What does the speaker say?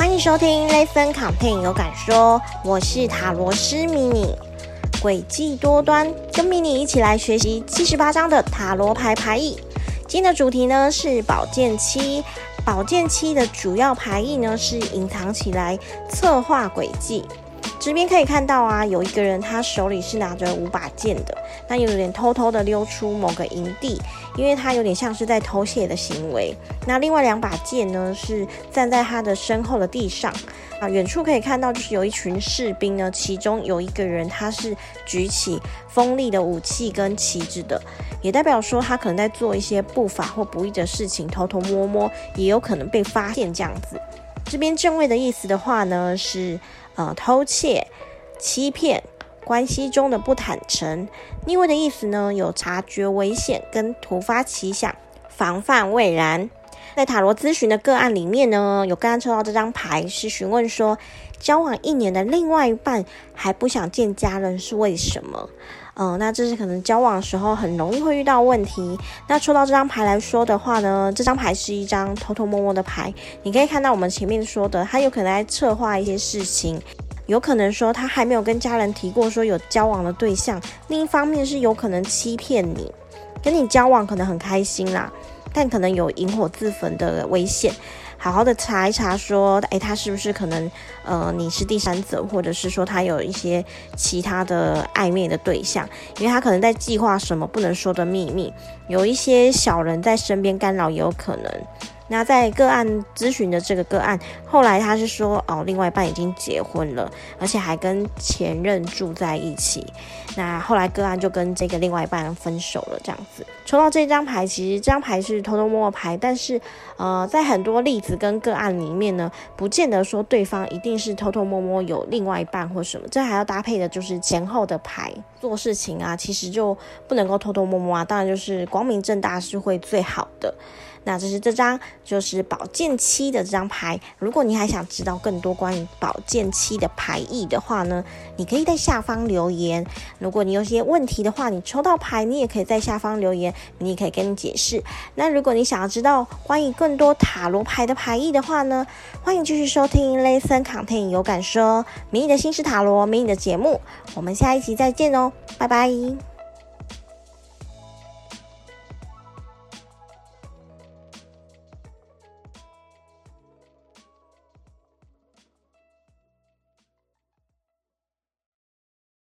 歡迎收聽《ListenContent 有感說》，我是塔羅師 mini，詭計多端，跟 mini 一起來學習七十八張的塔羅牌牌意。今天的主題呢是寶劍七，寶劍七的主要牌意呢是隱藏起來，策劃詭計。這邊可以看到啊，有一個人他手裡是拿着五把劍的，那有點偷偷的溜出某個營地。因為他有點像是在偷竊的行為，那另外兩把劍呢是站在他的身後的地上，啊，遠處可以看到就是有一群士兵呢，其中有一個人他是舉起鋒利的武器跟旗幟的，也代表說他可能在做一些不法或不義的事情，偷偷摸摸，也有可能被發現這樣子。這邊正位的意思的話呢是呃偷竊、欺騙。關係中的不坦誠，逆位的意思呢？有察覺危險跟突發奇想，防範未然。在塔羅諮詢的個案裡面呢，有剛剛抽到這張牌，是詢問說，交往一年的另外一半還不想見家人是為什麼？嗯、呃，那這是可能交往的時候很容易會遇到問題。那抽到這張牌來說的話呢，這張牌是一張偷偷摸摸的牌，你可以看到我們前面說的，他有可能在策劃一些事情。有可能說他還沒有跟家人提過說有交往的對象，另一方面是有可能欺騙你，跟你交往可能很開心啦，但可能有引火自焚的危險，好好的查一查說，誒、欸、他是不是可能，呃，你是第三者，或者是說他有一些其他的曖昧的對象，因為他可能在計劃什麼不能說的秘密，有一些小人在身邊干擾也有可能。那在個案諮詢的這個個案，後來他是說哦，另外一半已經結婚了，而且還跟前任住在一起。那後來個案就跟這個另外一半分手了，這樣子。抽到這張牌，其實這張牌是偷偷摸摸牌，但是呃，在很多例子跟個案裡面呢，不見得說對方一定是偷偷摸摸有另外一半或什麼。這還要搭配的就是前後的牌，做事情啊，其實就不能夠偷偷摸摸啊，當然就是光明正大是會最好的。那這是這張。就是寶劍七的這張牌。如果你還想知道更多關於寶劍七的牌意的話呢，你可以在下方留言。如果你有些問題的話，你抽到牌，你也可以在下方留言，你也可以跟你解釋。那如果你想要知道關於更多塔羅牌的牌意的話呢，歡迎繼續收聽 ListenContent 有感說，迷你的新式塔羅，迷你的節目，我們下一集再見哦，拜拜。